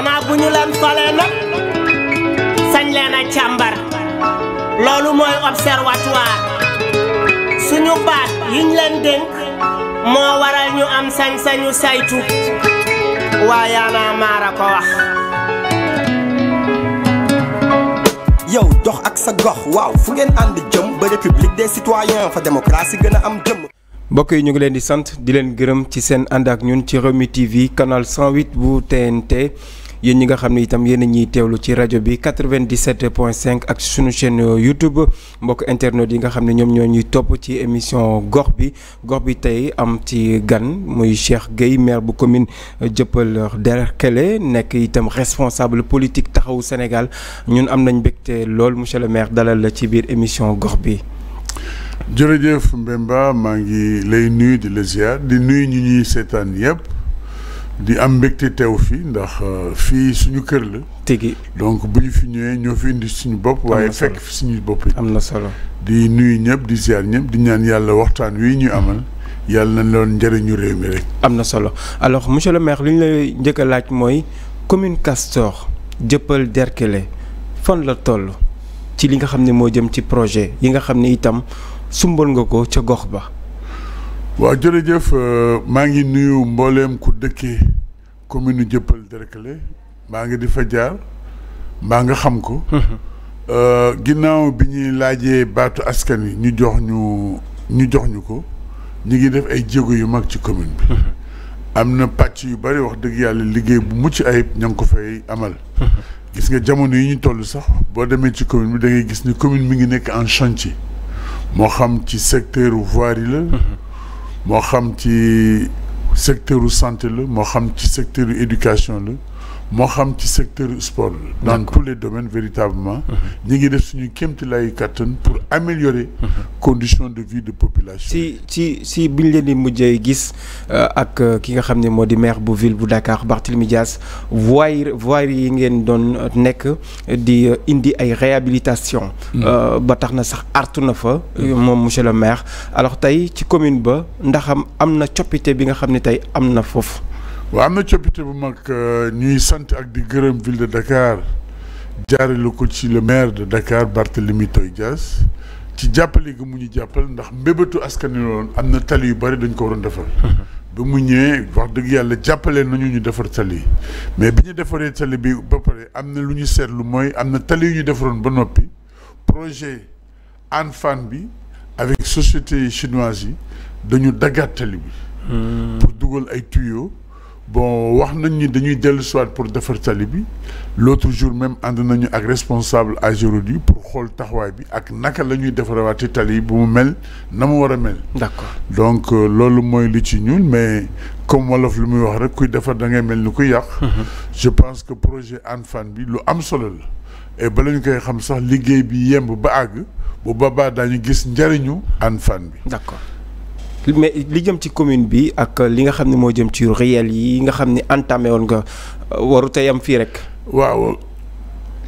xanaa bu ñu leen falee nag sañ leen a càmbar loolu mooy observatoire suñu baat yiñ leen dénk moo waral ñu am sañ-sañu saytu waa yaanaa maara ko wax yow dox ak sa gox waaw fu ngeen ànd jëm ba république des citoyens fa démocratie gën a am jëm mbokk yi ñu ngi leen di sant di leen gërëm ci seen ànd ak ñun ci Rewmi TV canal 108 bu TNT yéen ñi nga xam ne itam yéen a ñuy teewlu ci rajo bi 97.5 ak suñu chaîne YouTube mbokk internet yi nga xam ne ñoom ñoo ñuy topp ci émission gox bi gox bi tey am ci gan muy Cheikh Gueye maire bu commune Dieuppeul Derklé nekk itam responsable politique taxawu Sénégal ñun am nañ mbégte lool monsieur le maire dalal la ci biir émission gox bi. jërëjëf Mbemba maa ngi lay nuy di la ziar di nuyu ñi ñuy seetaan yëpp. di am mbégte teew fii ndax euh, fii suñu kër la. tegi donc bu ñu fi ñëwee ñoo fi indi suñu bopp. waaye fekk fi suñu bopp yi. am na solo di nuyu ñëpp di ziar ñëpp di ñaan yàlla waxtaan wi ñuy amal. yàlla na loon njëriñu réew mi rek. am na solo alors monsieur le maire li ñu lay njëkk laaj mooy commune Castor jëppal derkele fan la toll ci li nga xam ne moo jëm ci projet yi nga xam ne itam sumbal nga ko ca gox ba. waaw jërëjëf euh, maa ngi nuyu mbooleem ku dëkkee commune jëppal Derklé maa ngi di fa jaar maa nga xam ko euh, ginnaaw bi ñuy laajee baatu askan wi ñu jox ñu ñu jox ñu ko ñu ngi def ay jéego yu mag ci commune bi am na pàcc yu bari wax dëgg yàlla liggéey bu mucc ayib ña ngi ko fay amal gis nga jamono yi ñu toll sax boo demee ci commune bi da gis ni commune mi ngi nekk en chantier moo xam ci secteur voirie la moo xam ci secteur santé la moo xam ci secteur éducation la moo xam ci secteur sport dans tous les domaines véritablement mm-hmm. ñi ngi def suñu kémti lay kàttan pour améliorer mm-hmm. condition de vie de population si si si bi ñu leen di mujjee gis euh, ak euh, ki nga xam ne moo di maire bu ville bu Dakar Barthélémy Dias voirie voirie yi ngeen doon nekk di euh, indi ay réhabilitation mm-hmm. ba tax na sax artu na fa moom monsieur le maire alors tey ci commune ba ndaxam am na coppite bi nga xam ne tey am na foofu waaw am na coppite bu mag euh, ñuy sant ak di gërëm ville de Dakar jaarale ko ci le maire de Dakar Barthélemy Toye ci jàppale gi mu ñu jàppal ndax mbébétu askan wi am na tali yu bari dañ ko waroon defar. ba mu ñëwee wax dëgg yàlla jàppale nañu ñu defar tali mais bi ñu defaree tali bi ba pare am na lu ñu seetlu mooy am na tali yu ñu defaroon ba noppi projet Hann Fann bi avec société chinoise yi dañu daggaat tali bi. Hmm. pour dugal ay tuyaux. bon wax nañ ni dañuy dellu soit pour defar tali bi l'autre jour même ànd nañu ak responsable Ageroute yi pour xool taxawaay bi ak naka la ñuy defarawaati tali yi bu mu mel na mu war a mel. d'accord donc euh, loolu mooy li ci ñun mais comme wolof lu muy wax rek kuy defar da ngay mel ni kuy yàq. Mhm. je pense que projet Hann Fann bi lu am solo la. et ba koy xam sax liggéey bi yemb ba àgg bu babaa daañu gis njëriñu Hann Fann bi. d'accord. mais li jëm ci commune bi ak li nga xam ne moo jëm ci réel yi nga xam ne entamé woon nga waru tey fii rek. waaw.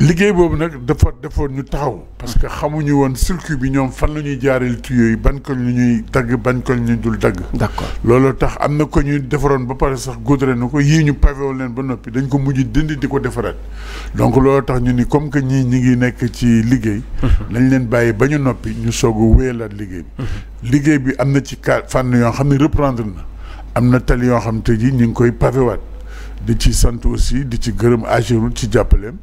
liggéey boobu nag dafa defoon ñu taxaw parce que xamuñu woon circuit bi ñoom fan la ñuy jaareel tuyaux yi ñu ñuy dagg ban ñu dul dagg. d'accord looloo tax am na ko ñuy defaroon ba pare sax goudron na ko yii ñu pavé woon leen ba noppi dañ ko mujj dindi di ko defaraat donc loolu tax ñu ni comme que ñii ñi ngi nekk ci liggéey. Mhm. nañ leen bàyyi ba ñu noppi ñu soog a wéyalaat liggéey bi. Mhm. liggéey bi am na ci cas fànn yoo xam ne reprendre na am na tali yoo xam te ñu ngi koy pavé di ci sant aussi di ci gërëm AGEROUTE ci jàppaleem.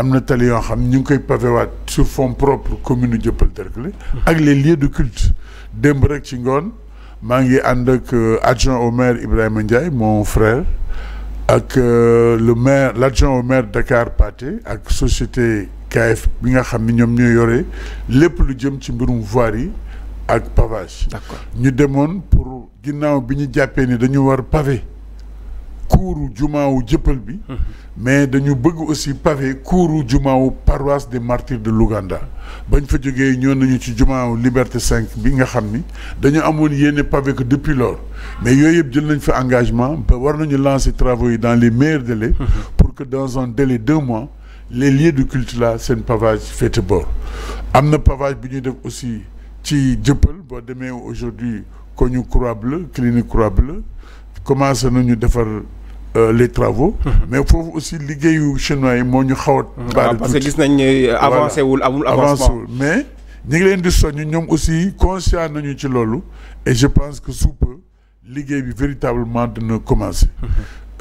am na tali yoo xam ñu ngi koy pavéwaat sur fonds propre commune Dieuppeul Derklé ak les lieux de culte démb rek ci ngoon maa ngi ànd ak euh, adjoint au maire Ibrahima Ndiaye mon frère ak euh, le maire l'adjoint au maire Dakar Pathé ak société KF bi nga xam ni ñoom ñoo yore lépp lu jëm ci mbirum voirie yi ak pavage. d'accord ñu demoon pour ginnaaw bi ñu jàppee ni dañu war pavé. kuuru wu jëppal bi mhm. mais dañu bëgg aussi pavé kuuru wu paroisse de martyrs de l'Ouganda bañ fa jógee ñoo nañu ci jumaawu liberté cinq bi nga xam ni dañu amoon yéene pavé que depuis lors mais yooyu yëpp jël nañ fi engagement ba war nañu lancer travaux yi dans les meilleurs délais mhm. pour que dans un délai deux mois les lieux de culte là seen pavage féete boor am na pavage bi ñuy def aussi ci jëppal boo demee aujourd'hui koñu Croix Bleue clinique Croix Bleue commencé defar Euh, les travaux. Mhm. mais foofu aussi liggéeyu chinois yi moo ñu xaw ah, parce que gis nañ ne avancé wul amul avancement mais ñu ngi leen di soññ ñoom aussi conscient nañu ci loolu et je pense que sous peu liggéey bi véritablement dina commencé. Mhm.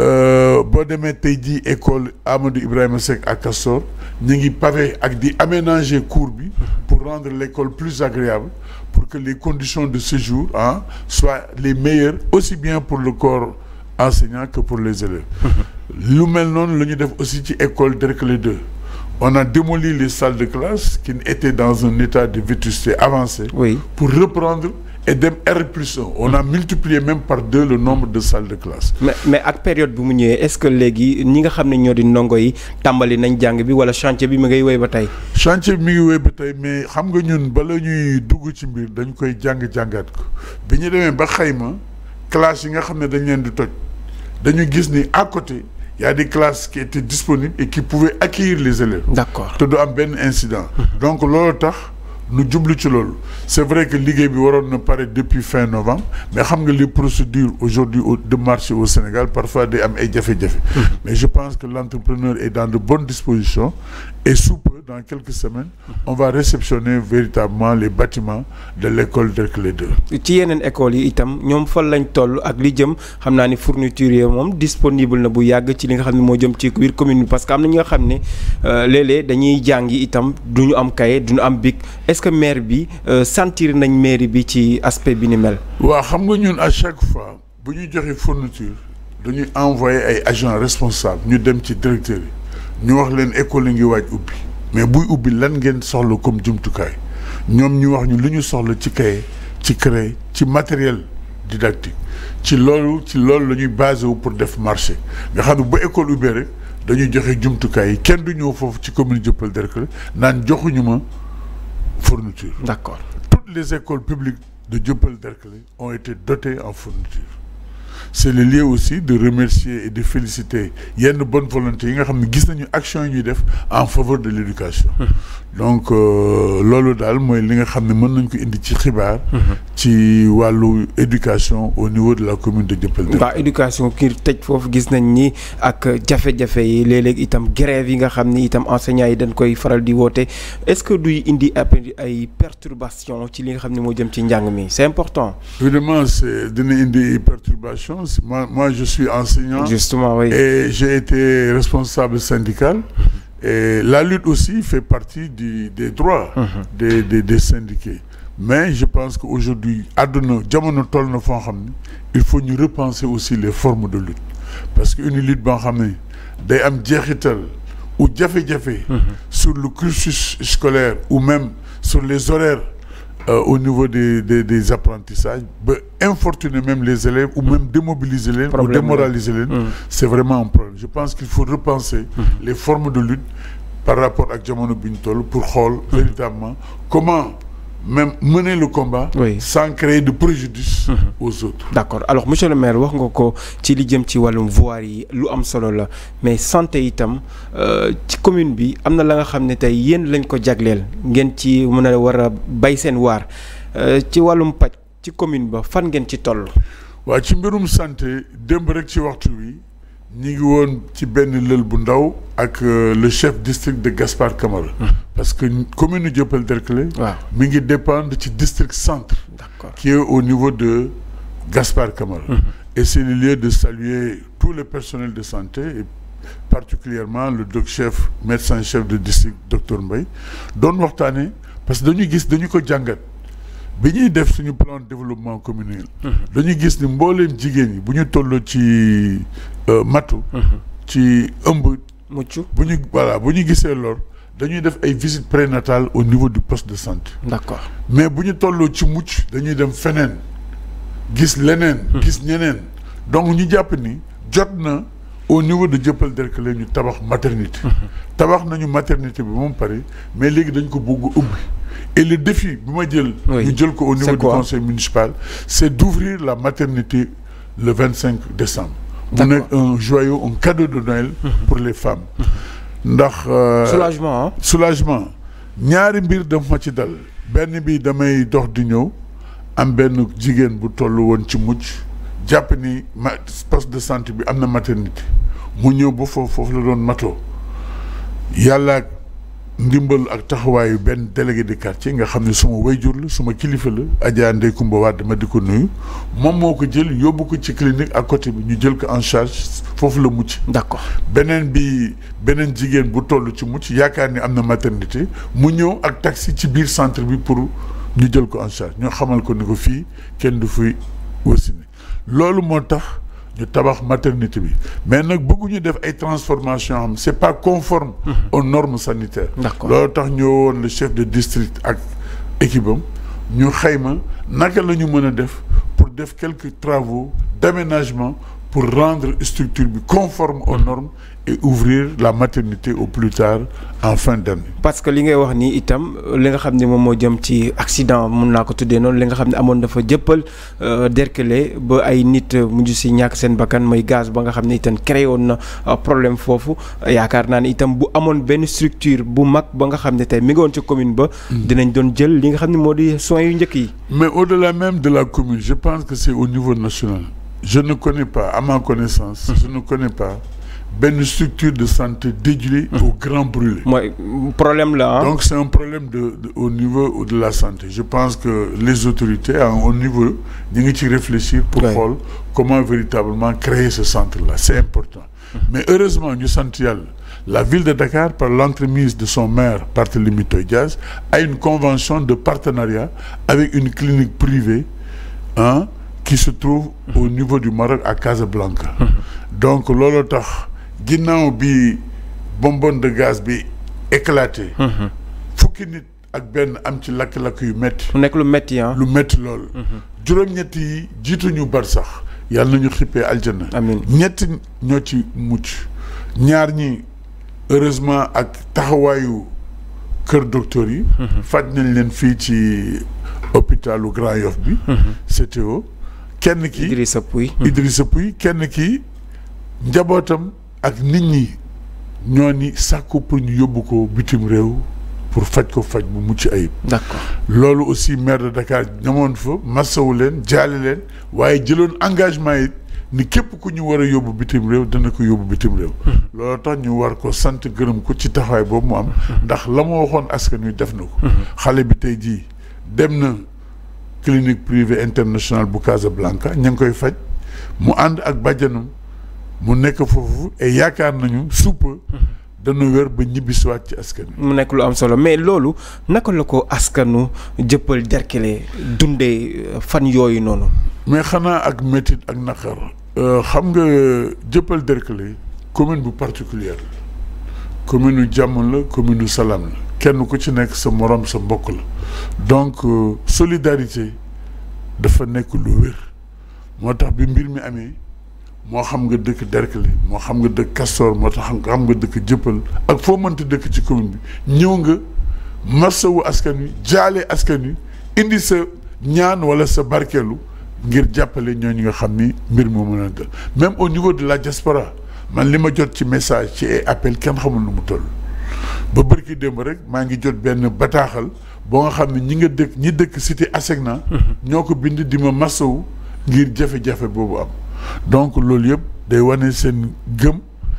Euh, boo demee tey jii école Amadou Ibrahima Seck ak Castor ñu ngi pavé ak di aménager cours bi mhm. pour rendre l'école plus agréable pour que les conditions de séjour ah soient les meilleures aussi bien pour le corps. enseignants que pour les élèves. lu mel noonu lu ñu def aussi ci école Derklé 2 on a démoli les salles de classe qui étaient dans un état de vétusté avancée. oui pour reprendre. et dem R plus on a multiplier même par deux le nombre de salles de classe. mais mais ak période bi mu ñëwee est-ce que léegi ñi nga xam ne ñoo di ndongo yi tàmbali nañ jàng bi walla chantier bi mi ngay woy ba tey. chantier bi mi ngi wéy ba tey mais xam nga ñun bala ñuy dugg ci mbir dañ koy jàng jàngaat ko bi demee ba xayma classe yi nga xam ne dañ leen di toj. dañu gis ni à côté y a des classes qui étaient disponibles et qui pouvaient accueillir les élèves. d'accord te du am benn incident. Mm-hmm. donc loolu tax. nu jublu ci loolu c'est vrai que liggéey bi waroon na pare depuis fin novembre mais xam nga les procédures aujourd'hui de marché au Sénégal parfois day am ay jafe-jafe hmm. mais je pense que l'entrepreneur est dans de bonnes dispositions et sous peu dans quelques semaines on va réceptionner véritablement les bâtiments de l'école Derklé 2 ci yeneen écoles yi itam ñoom fan lañ toll ak li jëm xam naa ni fourniture yi moom disponible na bu yàgg ci li nga xam ne moo jëm ci biir commune bi que am nga xam ne euh, léeg-léeg dañuy jàngi itam duñu am cahier duñu am bic est-ce que maire bi euh, sentir nañ mairie bi ci aspect bi ni mel. waaw xam nga ñun à chaque fois bu ñuy joxe fourniture dañuy envoyé ay agents responsables ñu dem ci directeur yi ñu wax leen école yi ngi waaj ubbi mais buy ubbi lan ngeen soxla comme jumtukaay ñoom ñu wax ñu lu ñu soxla ci cahier ci craie ci matériel didactique ci loolu ci loolu la ñuy basé wu pour def marché nga xam ne bu école ubbee rek dañuy joxe jumtukaay yi kenn du ñëw foofu ci commune Dieuppeul-Derklé naan joxuñu ma. fournitures. D'accord. Toutes les écoles publiques de Dieuppeul-Derklé ont été dotées en fournitures. c'est le lieu aussi de remercier et de féliciter yenn bonne volonté yi nga xam ne gis nañu action yi ñuy def en faveur de l'éducation donc euh, loolu daal mooy li nga xam ne mën nañ ko indi ci xibaar ci wàllu éducation au niveau de la commune de Dieuppeul waaw éducation kii tëj foofu gis nañ ni ak jafe-jafe yi léeg-léeg itam grève yi nga xam ni itam enseignants yi dañ koy faral di woote est-ce que duy indi ay perturbation ci li nga xam ne moo jëm ci njàng mi c'est important alternance. Moi, moi, je suis enseignant. Justement, oui. Et j'ai été responsable syndical. Et la lutte aussi fait partie du, des droits mm -hmm. des, des, des, syndiqués. Mais je pense qu'aujourd'hui, il faut nous repenser aussi les formes de lutte. Parce qu'une lutte, day am jeexital ou jafe-jafe sur le cursus scolaire ou même sur les horaires Euh, au niveau des des des apprentissages ba infortuner même les élèves ou même démobiliser leen ou démoraliser leen hmm. c'est vraiment un problème je pense qu'il faut repenser hmm. les formes de lutte par rapport ak jamono bi ñu toll pour xool hmm. véritablement comment même mener le combat. Oui. sans créer de préjudice. Mhm. aux autres. d' alors monsieur le maire wax nga ko ci li jëm ci wàllum voir yi lu am solo la mais santé itam euh, ci commune bi am na la nga xam ne tey yéen lañ ko jagleel ngeen ci mën a war a bay seen waar euh, ci wàllum paj ci commune ba fan ngeen ci toll. waaw ci mbirum santé démb rek ci waxtu wi. ñi ngi woon ci benn lël bu ndaw ak euh, le chef district de Gaspard Camara parce que commune Dieuppeul Derklé waaw mi ngi dépendre ci district centre d'accord qui est au niveau de Gaspard Camara et c'est le lieu de saluer tout le personnel de santé et particulièrement le doc chef médecin chef de district docteur mbay doon waxtaane parce que dañu gis dañu ko jàngat bi ñuy def suñu plan développement communal dañu gis ni mbooleem jigéen ñi bu ñu toll ci Euh, matu mhm. ci ëmb mucc bu ñu voilà bu ñu gisee lool dañuy def ay visite prénatale au niveau du poste de santé d'accord mais bu ñu tolloo ci mucc dañuy dem feneen gis leneen mhm. gis ñeneen donc ñu jàpp ni jot na au niveau de jëppal Derklé ñu tabax maternité mhm. tabax nañu maternité bi moom pare mais léegi dañ ko bëgg ubbi et le défi bi ma jël ñu jël ko au niveau du conseil municipal c'est d'ouvrir la maternité le vingt cinq décembre mu nekk un joyau un cadeau de Noël mhm. pour les femmes mhm. ndax euh, soulagement soulagement ñaari mbir daf ma ci dal benn bi damay dox di ñëw am benn jigéen bu toll woon ci mujj jàpp ni ma poste de santé bi am na maternité mu ñëw ba foofu foofu la doon matoo yàlla ndimbal ak taxawaayu benn délégué de quartier nga xam ne suma wayjur la suma kilifa la Adja Ndeye Kumba Wade ma di ko nuyu moom moo ko jël yóbbu ko ci clinique ak côté bi ñu jël ko en charge foofu la mucc d'accord beneen bi beneen jigéen bu toll ci mucc yaakaar ni am na maternité mu ñëw ak taxi ci biir centre bi pour ñu jël ko en charge ñoo xamal ko ni ko fii kenn du fuy wasine loolu moo tax ñu tabax maternité bi mais nag bëgguñu def ay transformation am c'est pas conforme mhm. aux normes sanitaires loolu tax ñëwoon le chef de district ak équipe ñu xayma naka la ñu mën a def pour def quelques travaux d'aménagement pour rendre structure bi conforme aux mhm. normes et ouvrir la maternité au plus tard en fin d'année. parce que li ngay wax nii itam li nga xam ne moom moo jëm ci accident mun naa ko tuddee noonu li nga xam ne amoon dafa jëppal euh, derkele ba ay nit euh, mujj si ñàkk seen bakkan mooy gaz ba nga xam ni itam créé woon na euh, problème foofu yaakaar naa ni itam bu amoon benn structure bu mag ba nga xam ne tey mi ngi ci commune ba. Hmm. dinañ doon jël li nga xam ne moo di soins yu njëkk yi. mais au-delà même de la commune pense que c'est au niveau national. je ne connais pas à ma connaissance. Hmm. benn structure de santé dédiée aux grands brûlés. problème la donc c'est un problème de, au niveau de la santé je pense que les autorités à au niveau ñu ngi ci réfléchir pour xool comment véritablement créer ce centre là c'est important mais heureusement ñu sant la ville de Dakar par l'entremise de son maire Barthélémy Toye Dias a une convention de partenariat avec une clinique privée hein qui se trouve au niveau du Maroc à Casablanca donc loolu ginnaaw bi bonbonne de gaz bi éclaté. Mhm. fukki nit ak benn am ci lakk-lakk yu métti. mu nekk lu métti ah. lool. Mhm. juróom-ñett yi jiituñu bar sax yàlla na ñu xippee aljana. amiin ñetti ñoo ci mucc ñaar ñi heureusement ak taxawaayu kër docteur yi. Mhm. faj nañ leen fii ci hôpitalu Grand Yoff bi. CTO kenn ki Idrissa Pouy Idrissa Pouy kenn ki njabootam. ak nit ñi ñoo ni sàkku pour ñu yóbbu ko bitim réew pour faj ko faj bu mucc ayib. d'accord loolu aussi maire de Dakar ñamoon fa massawu leen jaale leen waaye jëloon engagement yi ni képp ku ñu war a yóbbu bitim réew dana ko yóbbu bitim réew. Hmm. loolu tax ñu war ko sant gërëm ko ci taxawaay boobu mu am. Hmm. ndax la ma waxoon askan wi def na ko. Hmm. xale bi tey jii dem na clinique privée internationale bu Casablanca ña ngi koy faj mu ànd ak bàjjanam. mu nekk foofu et yaakaar nañu suppa dañu wér ba ñibbisiwaat ci askan mu nekk lu am solo mais loolu naka la ko askanu jëppal derkele dundee euh, fan yooyu noonu mais xanaa ak métit ak naqar euh, xam nga jëppal derkele commune bu particulière commune u jàmm la commune u salaam la kenn ku ci nekk sa morom sa mbokk la donc euh, solidarité dafa nekk lu wér moo tax bi mbir mi amee moo xam nga dëkk Derklé moo xam nga dëkk Castor moo tax xam nga dëkk Jëppal ak foo mënta dëkk ci commune bi ñëw nga marsawu askan wi jaalee askan wi indi sa ñaan wala sa barkelu ngir jàppale ñoo ñooñu nga xam ni mbir moo mën a dal même au niveau de la diaspora man li ma jot ci message ci ay appel kenn xamul nu mu toll ba bërki démb rek maa ngi jot benn bataaxal boo nga xam ne ñi nga dëkk ñi dëkk cité Asegna ñoo ko bind di ma marsawu ngir jafe-jafe boobu am donc loolu yëpp day wane seen gëm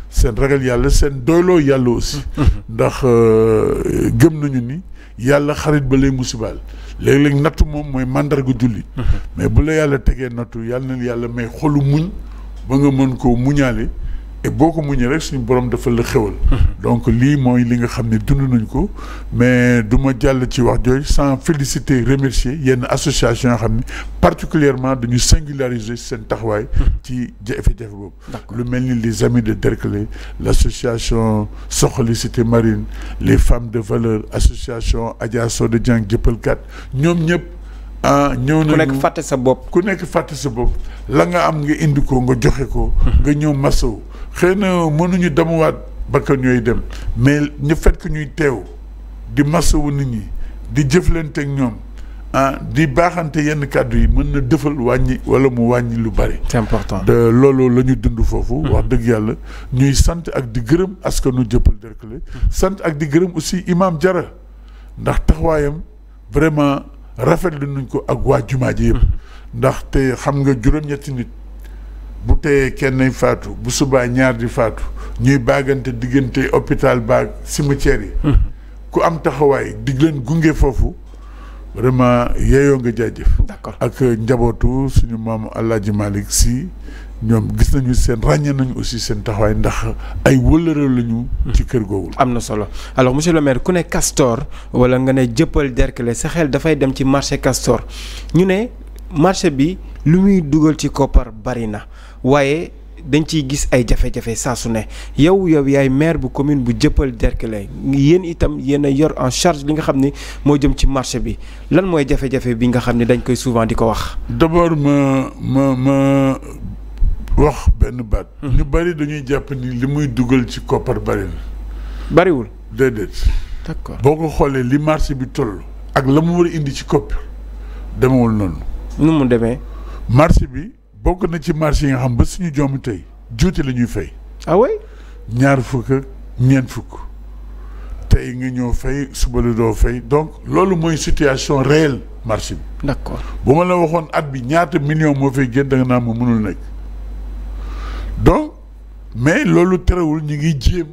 seen ragal yàlla seen doyloo yàlla aussi ndax euh, gëm nañu ni yàlla xarit ba lay musibaal léeg-léeg natt moom mooy màndarga julli mais bu la yàlla tegee nattu yàlla na yàlla may xolu muñ ba nga mën koo muñaale et boo ko ñëw rek suñu borom dafa la xewal mm-hmm. donc lii mooy li nga xam ne dund nañ ko mais du ma jàll ci wax jooju sans féliciter remercier yenn association yoo xam ne particulièrement dañu singulariser seen taxawaay mm-hmm. ci jafe-jafe boobu lu mel ni les amis de Derklé l' association Soxali Cité Marine les femmes de valeur association Adja Soda Dieng jëppalkat ñoom ñëpp ah ñëw nañu ku nekk fàtte sa bopp ku nekk fàtte sa bopp la nga am nga indi ko nga joxe ko mm-hmm. nga ñëw masaw xëy na mënuñu demuwaat bakkan que dem mais ñu fekk ñuy teew di masawu nit ñi di jëf jëflante ak ñoom ah di baaxante yenn kàddu yi mën na dëfal wàññi wala mu wàññi lu bari. c'est important de loolu la ñu dund foofu. Mm-hmm. wax dëgg yàlla ñuy sant ak di gërëm askanu jëppal Derklé. Mm-hmm. sant ak di gërëm aussi imaam jara ndax taxawaayam vraiment rafetlu nañ ko ak waa jumaa ji mm-hmm. ndax te xam nga juróom-ñetti nit. bu teyee kenn faatu bu subaa ñaar di faatu ñuy baagante diggante hôpital baag cimetière yi hmm. ku am taxawaay dig gunge foofu vraiment yeeyoo nga jaajëf ak njabootu suñu maamu maam Alaaji Malick si ñoom gis nañu seen ràññee nañu aussi seen taxawaay ndax ay wëllëre lañu hmm. ci kër googu am na solo alors monsieur le ku ne Castor wala nga ne jëppal Derklé sa xel dafay dem ci marché Castor ñu ne marché bi lu muy dugal ci koppar bari na waaye dañ ciy gis ay jafe-jafe saa su ne yow yow yaay maire bu commune bu Dieuppeul Derklé yéen itam yéen a yor en charge li nga xam ni moo jëm ci marché bi lan mooy jafe-jafe bi nga xam ne dañ koy souvent di ko wax. d'abord ma ma ma wax benn baat. Hmm. ñu bari dañuy jàpp ni li muy dugal ci koppar bari na. bariwul. déedéet. d'accord boo ko xoolee li marché bi toll. ak la mu war a indi ci koppar demewul noonu. nu mu demee. marché bi. bokk na ci marché yi nga xam ba suñu joomi tey juuti la ñuy fay. ah ñaar fukk ak ñeent fukk tey nga ñëw fay suba la doo fay donc loolu mooy situation réelle marché bi. d'accord bu ma la waxoon at bi ñaata million moo fay génn da nga naa ma mënul nekk donc mais loolu terewul ñu ngi jéem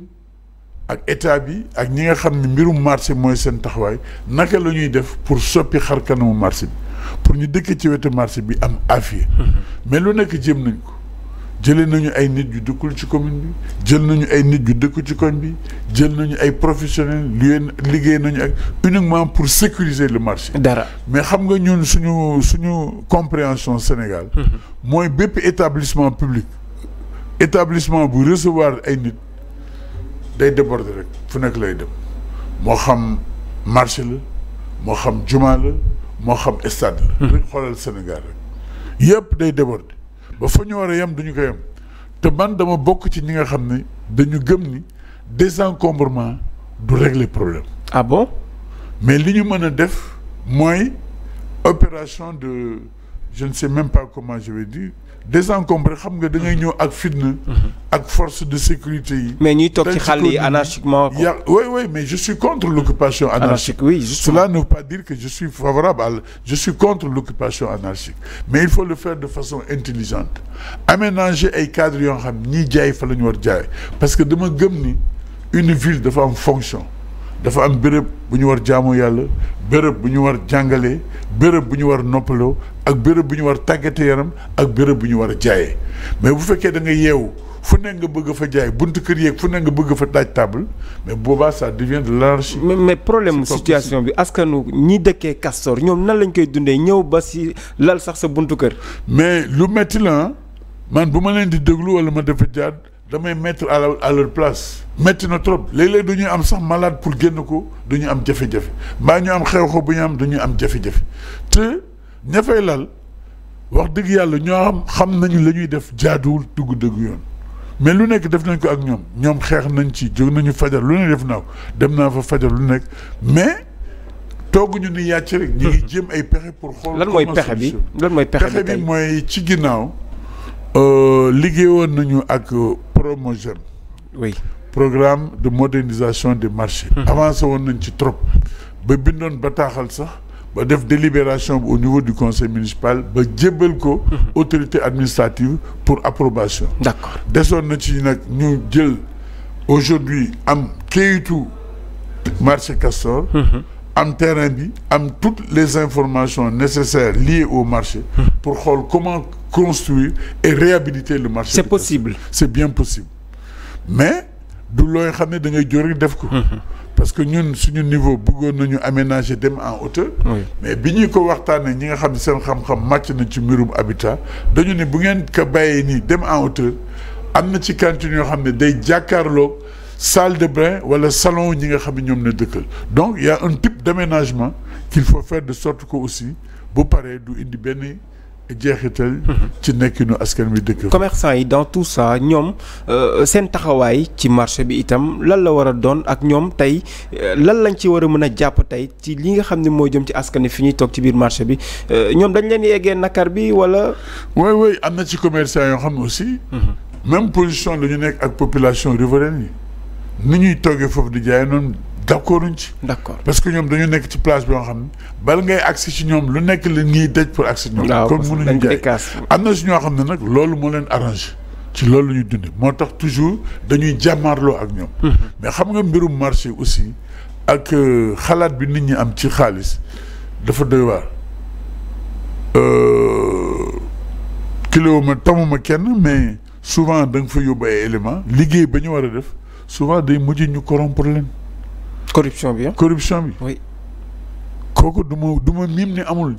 ak état bi ak ñi nga xam ne mbirum marché mooy seen taxawaay naka la ñuy def pour soppi xar kanamu marché bi. pour ñu dëkk ci wetu marché bi am affaire. mais lu nekk jéem nañ ko jële nañu ay nit yu dëkkul ci commune bi jël nañu ay nit yu dëkkul ci koñ bi jël nañu ay professionnels liggéey nañu ak uniquement pour sécuriser le marché. dara mais xam nga ñoon suñu suñu compréhension Sénégal. Mhm. mooy bépp établissement public. établissement bu résevoir ay nit day déborder rek fu nekk lay dem moo xam marché la moo xam jumaa la. moo xam stade la. rek mhm. xoolal Sénégal rek. yëpp day déborde ba fa ñu war a yem duñu ñu ko yem te ban dama bokk ci ñi nga xam ne dañu gëm ni désencombrement du régler problème. ah mais li ñu mën a def mooy opération de. je ne sais même pas comment je vais dire désencombré xam nga da ngay ñëw ak fitna. ak force de sécurité yi. mais ñuy toog ci xàll yi anarchiquement. ya oui oui mais je suis contre l'occupation anarchique. anarchique oui justement. cela ne veut pas dire que je suis favorable je suis contre l'occupation anarchique mais il faut le faire de façon intelligente aménager ay cadres yoo xam ñiy jaay fa la ñu war jaay parce que dama gëm ni une ville dafa am fonction. dafa am bërëb bu ñu war jaamu yàlla béréb bu ñu war jàngalee bërëb bu ñu war noppaloo ak bërëb bu ñu war tàggate yaram ak béréb bu ñu war a jaayee mais bu fekkee da nga yeewu fu nekk nga bëgg fa jaay buntu kër yeeg fu nekk nga bëgg fa daaj table mais boobaa ça devient de l'anarchie mais problème situation bi askanu ñi dëkkee Castor ñoom nan lañ koy dundee ñëw ba si lal sax sa buntu kër. mais lu metti la man bu ma leen di déglu wala ma dafa jaad damay mettre à à place métti na trop léeg-léeg du ñuy am sax malaat pour génn ko du ñu am jafe-jafe mbaa ñu am xew-xew bu ñu am du am jafe-jafe te ña fay lal wax dëgg yàlla ñoo am xam nañu la ñuy def jaaduwul dugg dëgg yoon mais lu nekk def nañ ko ak ñoom ñoom xeex nañ ci jóg nañu fajar lu ne def naa dem naa fa fajar lu nekk mais tooguñu ni yàcc rek. ñu ngi hmm. jéem ay pexe pour. xool lan mooy pexe bi lan mooy pexe bi pexe mooy ci ginnaaw euh, liggéey woon nañu ak. Promogem oui programme de modernisation des marché mhm. avancé woon nañ ci trop ba bindoon bataaxal sax ba def délibération au niveau du conseil municipal ba jébbal ko mhm. autorité administrative pour approbation d'accord desoon na ci nag ñu jël aujourd'hui am kayitu marché Castor mhm. am terrain bi am toutes les informations nécessaires liées au marché pour xool comment construire et réhabiliter le marché. c'est possible c'est bien possible mais du looy xam ne da ngay jóg def ko. Mhm. parce que ñun suñu niveau bëggoon nañu aménagé dem en hauteur. mais bi ñuy ko waxtaanee ñi nga xam ne seen xam-xam màcc nañ ci mbirum habitat dañu ne bu ngeen ko bàyyee nii dem en hauteur am na ci cantine yoo xam ne day jàkkaarloog salle de bain wala salon ñi nga xam ne ñoom la dëkkal donc il y a un type d'aménagement qu'il faut faire de sorte que aussi bu paree du indi benn. jeexital. ci nekkinu askan wi dëkk. commerçant yi dans tout ça ñoom euh, seen taxawaay ci marché bi itam lan la war a doon ak ñoom tey euh, lan lañ ci war a mën a jàpp tey ci li nga xam ne moo jëm ci askan wi fi ñuy toog ci biir marché bi euh, ñoom dañ leen yeggee nakar bi wala. oui oui am na ci commerçant yoo xam ne aussi. Mhm. même position la ñu nekk ak population riveraine yi. ni ñuy toggee foofu di jaay noonu. d' accord uñ ci. d' parce que ñoom dañu nekk ci place bi nga xam ne bal ngay agsi ci ñoom lu nekk leen ñuy daj pour agsi ñoom. kon mënuñu jaay am na si ñoo xam ne nag loolu moo leen arrangé. ci loolu la ñuy dundee moo tax toujours dañuy jàmmaarloo ak ñoom. Mhm. mais xam nga mbirum marché aussi ak euh, xalaat bi nit ñi am ci xaalis dafa doy waar. Euh, kilo ma tamuma kenn mais souvent da nga fa yóbbu ay éléments liggéey ba ñu war a def souvent day mujj ñu corrompre leen. corruption bi corruption bi. oui. kooku du ma du ma miim ne amul.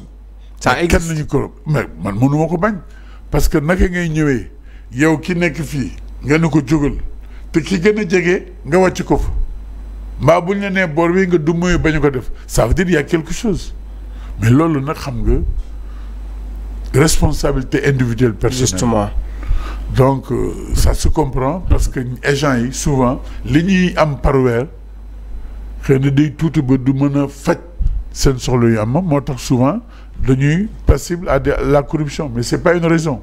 ça existe nañu ko mais man mënu ko bañ. parce que naka ngay ñëwee yow ki nekk fii nga ne ko jógal te ki gën a jege nga wàcc ko fa mbaa buñ la nee boor wi nga du moy bañu ko def sa veut dire y a quelque chose mais loolu nag xam nga responsabilité individuelle personnelle. justement donc sa euh, ça se comprend parce que agents yi souvent li ñuy am par weer xëy na tuuti ba du mën a faj seen soxla am moo tax souvent dañuy passible à la corruption mais c'est pas raison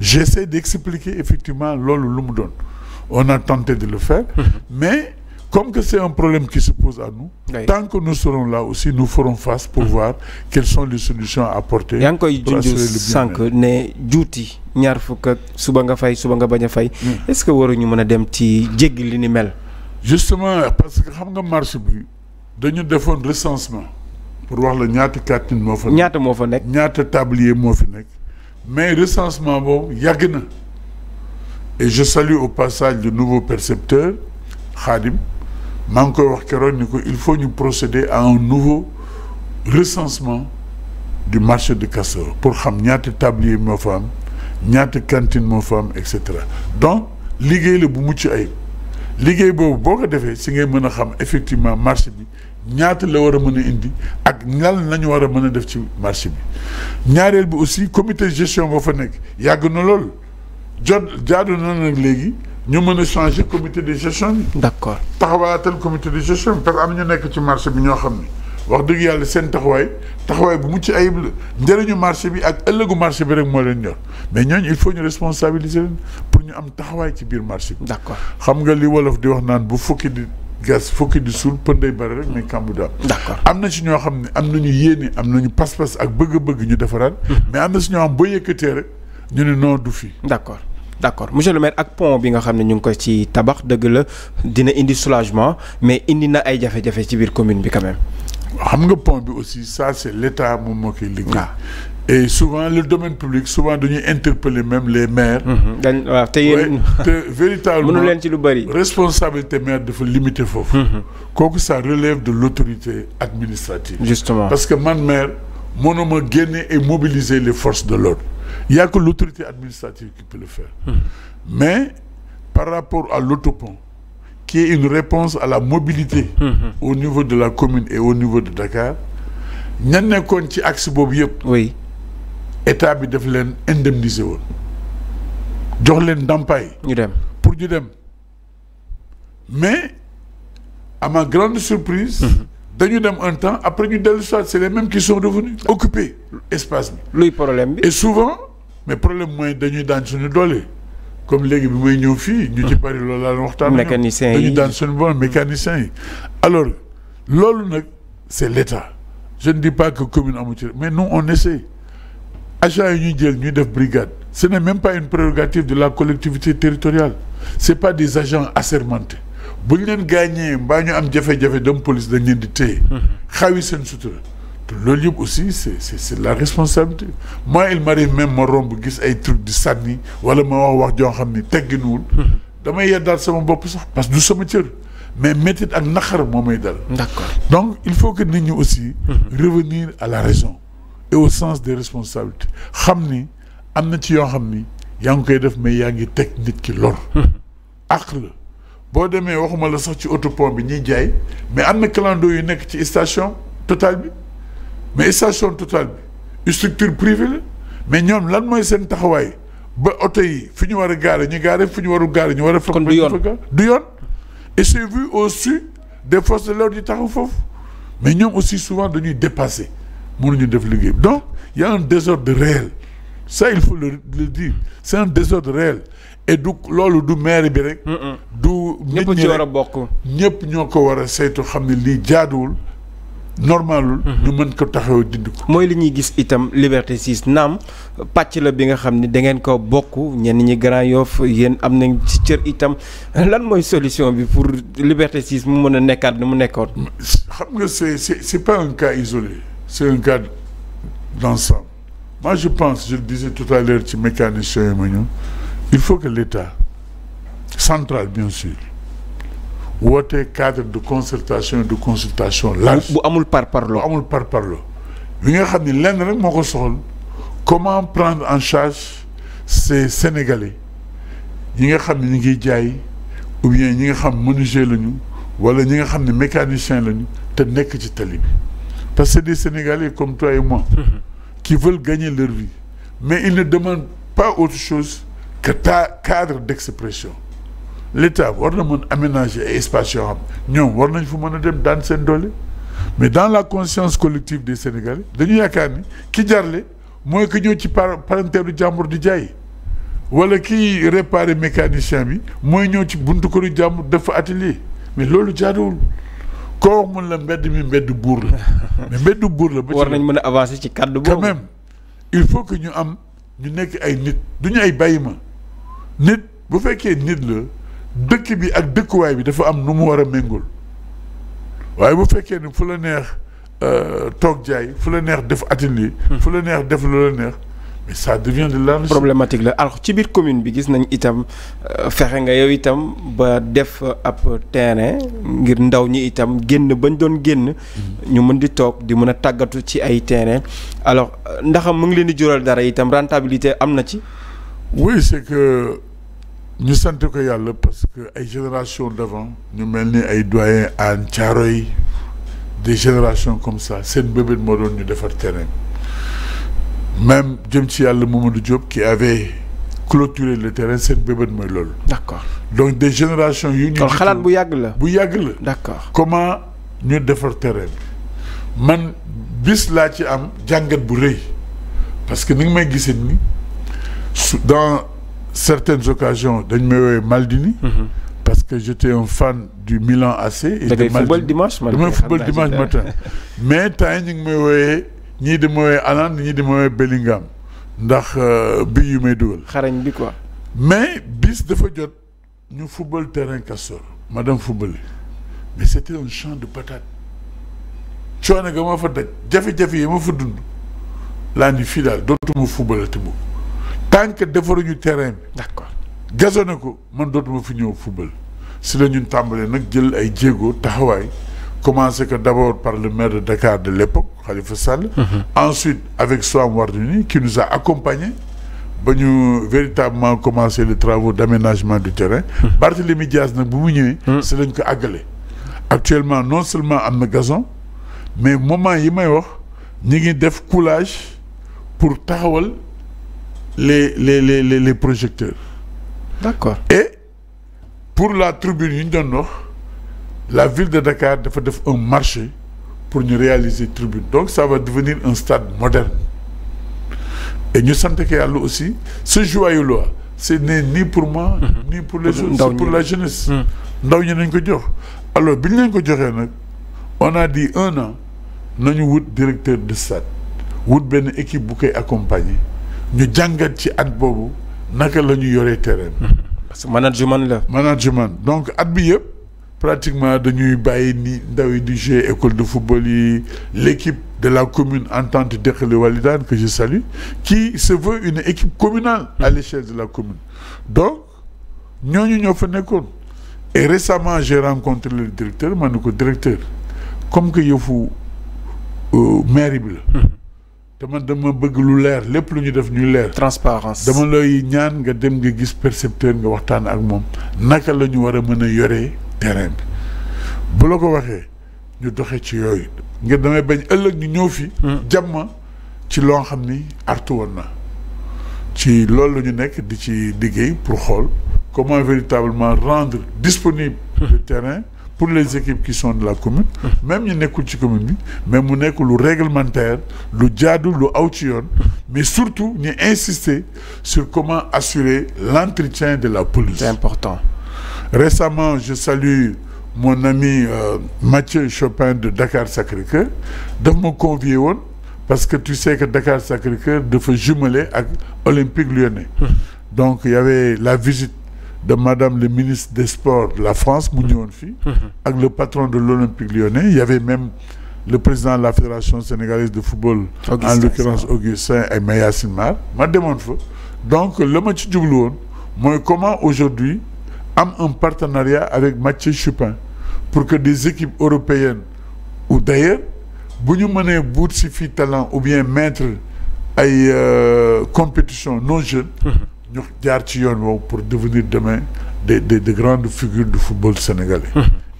j'essaie d'expliquer effectivement loolu lu mu doon on a tenté de le mais comme que c'est un problème qui se pose à nous tant que nous serons là aussi nous ferons face pour mm-hmm. voir quelles sont les solutions à apporter yaa ngi koy junj sànq ne juuti ñaar fukk ak suba nga fay suba nga bañ a fay mm. est-ce que ñu mën a dem ci jéggi li ni mel justement parce que xam nga marché bi dañu defoon recensement pour wax la ñaata cantine moo fa. ñaata moo fa nekk ñaata tablier moo fi nekk mais recensement boobu yàgg na et je salue au passage le nouveau percepteur Khadim maa ngi koy wax keroon ni ko il faut ñu procéder à un nouveau recensement du marché de Castors pour xam ñaata tablier moo fa am ñaata cantine moo fa am et cetera donc liggéey la bu mucc ayib. liggéey boobu boo ko defee si ngay mën a xam effectivement marché bi ñaata la war a mën a indi ak lan la ñu war a mën a def ci marché bi ñaareel bi aussi comité gestion boo fa nekk yàgg na lool jot jaar na nag léegi ñu mën a changer comité de gestion bi. d'accord taxawaatal comité de gestion parce que am ñu nekk ci marché bi ñoo xam ne. wax dëgg yàlla seen taxawaay taxawaay bu mucc ayib la njëriñu marché bi ak ëllëgu marché bi rek moo leen ñor mais ñooñu il faut ñu responsabiliser pour ñu am taxawaay ci biir marché bi. d'accord xam nga li wolof di wax naan bu fukki di gas fukki di suul pënday bari rek mais kàmbu daal. am na si ñoo xam ne am nañu yéene am nañu pas-pas ak bëgg-bëgg ñu defaraat. Hmm. mais am na si ñoo xam boo yëkkatee rek ñu ne non du fi. d'accord. d'accord monsieur le maire ak pont bi nga xam ne ñu ngi ko ci tabax dëgg la dina indi soulagement mais indi na ay jafe ci biir commune bi quand xam nga pont bi aussi ça c'est l'état moom moo koy liggéey ah. et souvent le domaine public souvent dañuy interpeller même les maires mm-hmm. dañ waaw te yéen te leen ci lu bari responsabilité maire dafa limité foofu mm-hmm. kooku ça relève de l'autorité administrative justement parce que man maire mënuma génne et mobiliser les forces de l'ordre il y a que l'autorité administrative qui peut le faire mm-hmm. mais par rapport à l'autopont qui est une réponse à la mobilité mm-hmm. au niveau de la commune et au niveau de Dakar ñan nekkoon ci axe boobu yëpp oui état bi daf leen indemniser woon jox leen ndàmpaay ñu dem pour ñu dem mais à ma grande surprise mm-hmm. dañu dem en temps après ñu dellu soit c'est les mêmes qui sont revenus occuper espace bi problème bi et souvent mais problème mooy dañuy daan suñu doole comme léegi bi may ñëw fii. ñu ci ah. bari loolu daan waxtaan. mécanicien yi dañu daan suñu bon mécanicien yi. alors loolu nag c' est l' état je ne dis pas que commune amu ci mais nous on essaie agents yi ñuy jël ñuy def brigade. ce n' est même pas une prérogative de la collectivité territoriale c' est pas des agents assermentés bu ñu leen gaañee mbaa ñu am jafe-jafe dem police dañ leen di téye. xawi seen sutura. loolu yëpp aussi c'est c'est c'est la responsabilité moi il m'arrive même ma romb gis ay truc di sànni wala ma wax wax joo xam ni tegginuwul damay daal sama bopp sax parce que du sama cër mais métit ak naqar moo may dal d'accord donc il faut que nit ñi aussi revenir à la raison et au sens des responsabilités xam ni am na ci yoo xam ni yaa ngi koy def mais yaa ngi teg nit ki lor àq la boo demee waxuma la sax ci autopont bi ñuy jaay mais am na clando yu nekk ci station Total bi mais station totale bi structure privée la mais ñoom lan mooy seen taxawaay ba oto yi fi ñu war a gaare ñu gaare fi ñu warul gaare ñu war a. kon du yoon du yoon. et j'ai vu aussi des forces de l'ordre yi taxaw foofu mais ñoom aussi souvent dañuy dépasser mënuñu def liggéey donc il y a un désordre réel ça il faut le le dire c'est un désordre réel et du loolu du maire bi rek. du nit ñi rek ñëpp ñoo ko war a saytu xam ni lii jaaduwul. normal mhm. ñu mën ko taxaw dindi ko. mooy li ñuy gis itam Liberté sis naam pàcc la bi nga xam ne da ngeen ko bokk ñenn ñi Grand Yoff yéen am nañ ci cër itam lan mooy solution bi pour Liberté 6 mu mën a nekkaat nu mu nekkoon. xam nga c'est c'est c'est pas un cas isolé c'est un cas d'ensemble moi je pense je le disais tout à l'heure ci mécanicien yi ma ñëw il faut que l'État central bien sûr wootee cadre de concertation de consultation large. bu amul par parlo. bu amul par parlo bi nga xam ni lenn rek moo ko soxal comment prendre en charge ces sénégalais ñi nga xam ne ñu ngi jaay ou bien ñi nga xam menuisier lañu wala ñi nga xam ne mécanicien lañu te nekk ci tali bi parce que c'est des sénégalais comme toi et moi. Mhm. qui veulent gagner leur vie mais ils ne demandent pas autre chose que ta cadre d'expression. l'État war na mën aménager ay espace yoo xam ñoom war nañ fu mën a dem daan seen doole mais dans la conscience collective des sénégal dañu yaakaar ni ki jarle mooy que ñëw ci par du jàmbur di jaay wala kii réparer mécanicien bi mooy ñëw ci buntu këru jàmbur def fa atelier mais loolu jaaduwul koo wax mun la mbedd mi mbedd buur la mais mbedd buur la. war nañ mën a avancer ci kàddu boobu quand même il faut que ñu am ñu nekk ay nit du ñu ay bàyyi ma nit bu fekkee nit la. dëkk bi ak dëkkuwaay bi dafa am nu mu war a méngul waaye bu fekkee ni fu la neex euh, toog jaay fu la neex def atelier. Hmm. fu la neex def lu la neex. mais ça devient la alors ci biir commune bi gis nañ itam euh, fexe nga yow itam ba def ab terrain ngir ndaw ñi itam génn bañ doon génn. Hmm. ñu mën di toog di mën a tàggatu ci ay terrain alors euh, ndaxam mu ngi leen di jural dara itam rentabilité am na ci. oui c'est que. ñu sant ko yàlla parce que ay génération d'avant ñu mel ni ay doyen aan caaro yi des générations comme ça seen bébét moo doon ñu defar terrain même jëm ci yàlla Mamadou Diop qui avait clôturé le terrain seen bébét mooy loolu. d'accord donc des générations yu ñu. xalaat bu yàgg la bu yàgg la. d'accord comment ñu defar terrain man bis laa ci am jàngat bu rëy parce que ni nga may gisee ni su dans. certaines occasions dañ may woowee Maldini. Mhm. parce que j'étais un fan du Milan AC. et de Maldini da ngay football dimanche matin damay football dimanche matin. mais temps yii ñu ngi may woowee ñii di ma woowee Haaland ñii di ma woowee Bellingham ndax euh, bi yu may dugal. xarañ bi quoi. mais bis dafa jot ñu football terrain Castor madame footballé mais c'était un champ de patates coono ga ma fa daj jafe-jafe yi ma fa dund laa ni fii daal dootuma footballati boobu. tant que defaruñu terrain bi. d'accord gazonné ko man dootuma fi ñëw football si la ñun tàmbalee nag jël ay jéego taxawaay commencé que d'abord par le maire de Dakar de l'époque Khalifa Sall. Mm -hmm. ensuite avec Soham Wardini qui nous a accompagnés ba ñu véritablement commencé le travaux d'aménagement du terrain. Mm -hmm. Barthélémy Dias nag bu mu ñëwee. Mhm. si lañ ko àggale. actuellement non seulement am na gazon mais moment yi may wax ñi ngi def coulage pour taxawal. les les les les, les projecteurs. d'accord et pour la tribune yu ñu doon wax la ville de Dakar dafa def un marché pour ñu réaliser tribune donc ça va devenir un stade moderne et ñu sant ko yàlla aussi ce joyau là ce n'est ni pour moi. Mhm. ni pour les autres c'est pour la jeunesse. Mhm. ndaw ñi nañ ko jox alors bi ñu leen ko joxee nag on a dit un an nañu wut directeur de stade wut benn équipe bu koy accompagner. ñu jàngat ci at boobu naka la ñu yoree terrain bi. parce que management la. management donc at bi yëpp pratiquement dañuy bàyyi ni ndaw yi di jouer école de football yi l' équipe de la commune entente Dexële Walidane que je salue qui se veut une équipe communale. à hmm. l'échelle de la commune donc ñooñu ñoo fa nekkoon. et récemment j'ai rencontré le directeur ma ne ko directeur comme que yëfu euh, mairie bi te man dama bëgg lu leer lépp lu ñu def ñuy leer. transparence dama lay ñaan nga dem nga gis percepteur nga waxtaan ak moom naka la ñu war a mën a yore terrain bi bu la ko waxee ñu doxe ci yooyu nga damay bañ ëllëg ñu ñëw fi. Hmm. jàmm ci loo xam ni artu woon na ci loolu la ñu nekk di ci liggéey pour xool comment véritablement rendre disponible hmm. terrain. pour les équipes qui sont de la commune même ñu nekkul ci commune bi mais mu nekk lu réglementaire lu jaadu lu aw ci yoon mais surtout ñu insister sur comment assurer l'entretien de la pelouse c'est important récemment je salue mon ami euh, Mathieu Chopin de Dakar Sacré-Cœur daf ma convier woon parce que tu sais que Dakar Sacré-Cœur dafa jumelé ak Olympique Lyonnais donc il y avait la visite de madame le ministre des sports de la France mu ñëwoon fii. Mm-hmm. ak le patron de l'Olympique lyonnais il y avait même le président de la fédération sénégalaise de football. en l'occurrence Augustin ay Maya Sinmar ma demoon fa donc la ma ci jublu woon mooy comment aujourd'hui am un partenariat avec Mathieu Chupin pour que des équipes européennes ou d'ailleurs bu ñu mënee buut si fii talent ou bien mettre ay euh, compétition non jeune. Mm-hmm. ñu jaar ci yoon woowu pour devenir demain des de grandes figures du football sénégalais.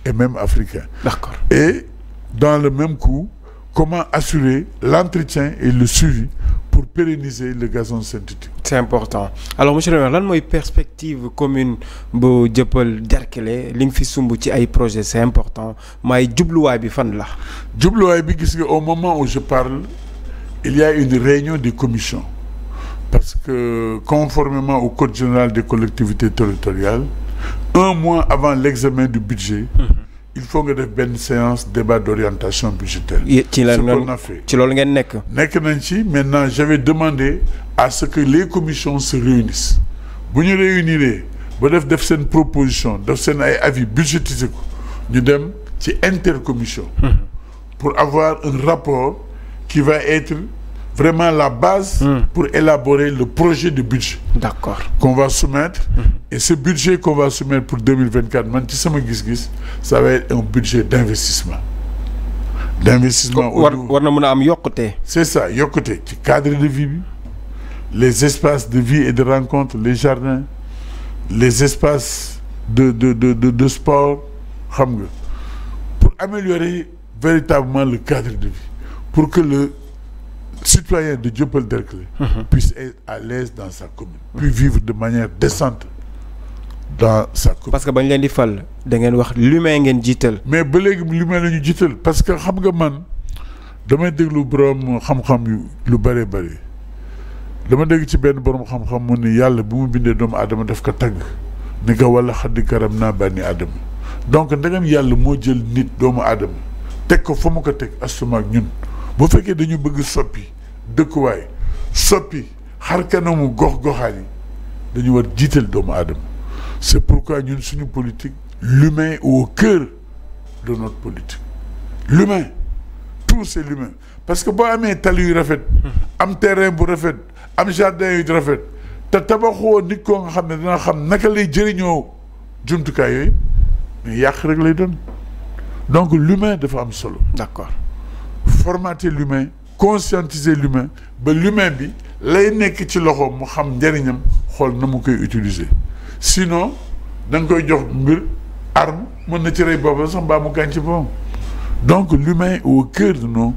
et même africain. d'accord et dans le même coup comment assurer l'entretien et le suivi pour pérenniser le gazon synthétique. c'est important alors monsieur le maire lan mooy perspective commune bu Dieuppeul Derklé li nga fi sumb ci ay projet c'est important maay jubluwaay bi fan la. jubluwaay bi gis nga au moment où je parle il y a une réunion des commissions. parce que conformément au code général des collectivités territoriales un mois avant l'examen du budget mm -hmm. il faut nga def benn séance débat d'orientation budgétaire ci la qu'on a ci loolu ngeen nekk nekk nañ ci maintenant j'avais demandé à ce que les commissions se réunissent bu ñu réuniree ba def def seen proposition def seen ay avis budgétisé ko ñu dem ci intercommission mhm. pour avoir un rapport qui va être vraiment la base mmh. pour élaborer le projet de budget. D'accord. Qu'on va soumettre. Mmh. Et ce budget qu'on va soumettre pour 2024, man ci sama gis-gis, ça va être un budget d'investissement. D'investissement au niveau. na mën a am yokkute. C'est ça, yokkute ci cadre de vie bi. Les espaces de vie et de rencontre, les jardins, les espaces de de de de, de sport, xam nga. Pour améliorer véritablement le cadre de vie pour que le citoyen de Dieuppeul-Derklé puisse être à l'aise dans sa commune puisse vivre de manière décente dans sa commune parce que bañ leen di fal da ngeen wax l'humain ngeen jiital mais ba léegi l'humain la ñu jiital parce que xam nga man damay déglu borom xam-xam yu lu bëree bëri dama dégg ci benn borom xam-xam mu ne yàlla bu mu bindee doomu aadama daf ko tagg ni ko wala xaddi karam naa bànni aadama donc ndegam yàlla moo jël nit doomu aadama teg ko fa mu ko teg astuma ak ñun bu fekkee dañu bëgg soppi dëkkuwaay soppi xar kanamu gox goxaan yi dañu war jiital doomu aadama c'est pourquoi ñun suñu politique l'humain au cœur de notre politique l'humain tout c'est l'humain parce que boo amee tali yu rafet am terrain bu rafet am jardin yu rafet te tabaxoo nit koo nga xam ne dina xam naka lay jëriñoo jumtukaay yooyu mais yàq rek lay doon donc l'humain dafa am solo d'accord formater l'humain conscientiser l'humain ba l'humain bi lay nekk ci loxo mu xam njëriñam xool na mu koy utiliser sinon da koy jox mbir arme mën na ci rey boppam sax mbaa mu gànc boppam donc l'humain est au cœur de nos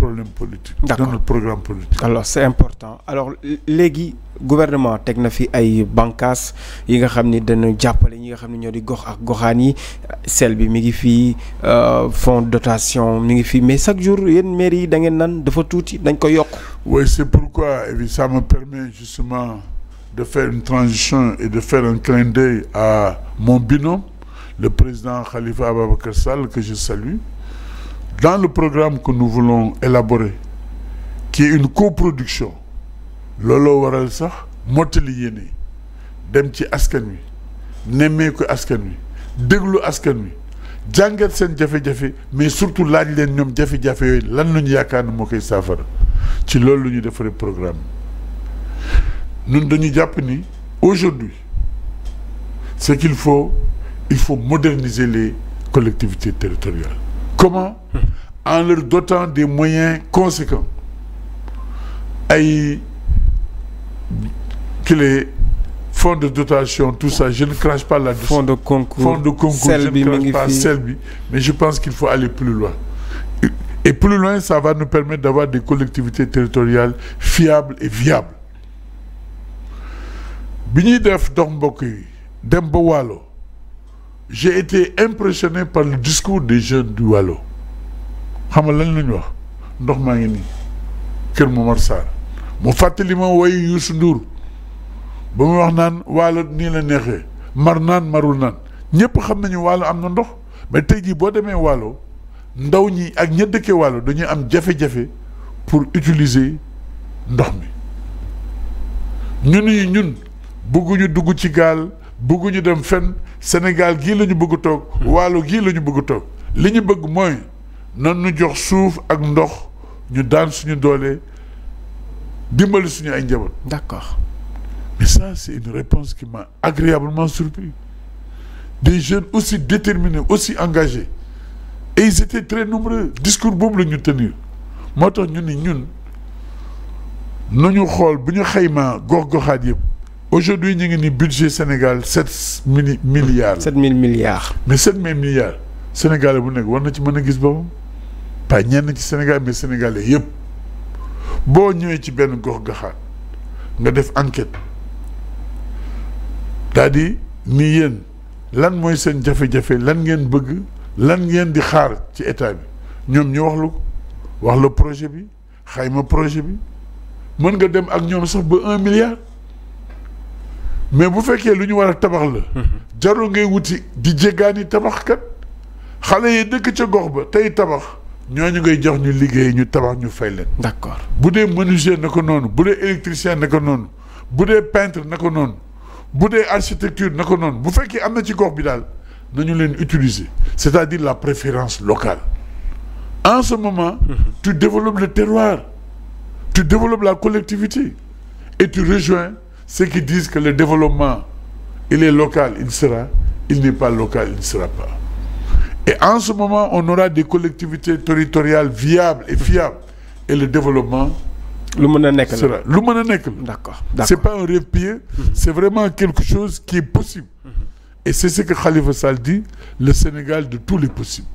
problème politique. d'accord dans notre programme politique. alors c'est important alors léegi gouvernement teg na fi ay bànqaas yi nga xam ni dana jàppale ñi nga xam ne ñoo di gox ak goxaan yi sel bi mi ngi fii euh, fonds de dotation mi ngi fii mais chaque jour yéen maire yi da ngeen nan dafa tuuti dañ ko yokk. oui c'est pourquoi ça me permet justement de faire une transition et de faire un clin d'œil à mon binôme le président Khalifa Ababacar Sall que je salue. dans le programme que nous voulons élaborer qui est une coproduction looloo waral sax mottali yéene dem ci askan wi nemmeeku askan wi déglu askan wi jàngat seen jafe-jafe mais surtout laaj leen ñoom jafe-jafe yooyu lan la ñu yaakaar ne moo saafara ci loolu la ñu defaree programme ñun dañuy jàpp ni aujourd'hui ce qu'il faut il faut moderniser les collectivités territoriales comment en leur dotant des moyens conséquents ay que les fonds de dotation tout ça je ne crache pas là de concours fonds de concours je ne crache pas sel mais je pense qu'il faut aller plus loin et plus loin ça va nous permettre d'avoir des collectivités territoriales fiables et viables bi ñuy def dox mbokk yi dem j'ai été impressionné par le discours des jeunes du Walo xam nga lan la wax ndox maa ngi nii Kër Momar Sarr mu fàttali ma woyu Youssou Ndour ba mu wax naan Waalo nii la neexee mar naan marul naan ñëpp xam nañu Waalo am na ndox mais tey jii boo demee Waalo ndaw ñi ak ña dëkkee Waalo dañuy am jafe-jafe pour utiliser ndox mi ñun ñi ñun bëgguñu dugg ci gaal. bëgguñu dem fen Sénégal gii lañu ñu bëgg toog hmm. waalo gii lañu ñu bëgg toog li ñu bëgg mooy nan nu jox suuf ak ndox ñu daan suñu doole dimbali suñu ay njaboot. d'accord mais ça c'est une réponse qui m'a agréablement surpris des jeunes aussi déterminés aussi engagés et ils étaient très nombreux discours boobu la ñu tenir moo tax ñu ni ñun nañu xool bu ñu xaymaa gox-goxaat yëpp aujourd'hui ñu ngi ni budget Sénégal sept mille milliards. sept mille milliards. mais sept mille milliards Sénégalais bu nekk war na ci mën a gis boppam pas ñenn ci Sénégal mais Sénégalais yëpp boo ñëwee ci benn gox gaxaat nga def enquête cest à ni yéen lan mooy seen jafe-jafe lan ngeen bëgg lan ngeen di xaar ci état bi ñoom ñu wax lu ko wax la projet bi xayma projet bi mën nga dem ak ñoom sax ba un milliard. mais bu fekkee lu ñu war a tabax la. jarul ngay wuti di jéggaani tabax kat xale yi dëkk ca gox ba tey tabax ñu ngay jox ñu liggéey ñu tabax ñu fay leen. d'accord bu dee menuisier na ko noonu bu dee électricien na ko noonu bu dee peintre na ko noonu bu dee architecture na ko noonu bu fekkee am na ci gox bi daal ñu leen utiliser c'est-à-dire la préférence locale en ce moment. tu développes le terroir tu développes la collectivité et tu rejoins. ceux qui disent que le développement il est local il sera il n'est pas local il ne sera pas et en ce moment on aura des collectivités territoriales viables et fiables et le développement lu mën a nekk la lu mën a nekk la d'accord c'est pas un rêve pieux c'est vraiment quelque chose qui est possible et c'est ce que Khalifa Sall le Sénégal de tous les possibles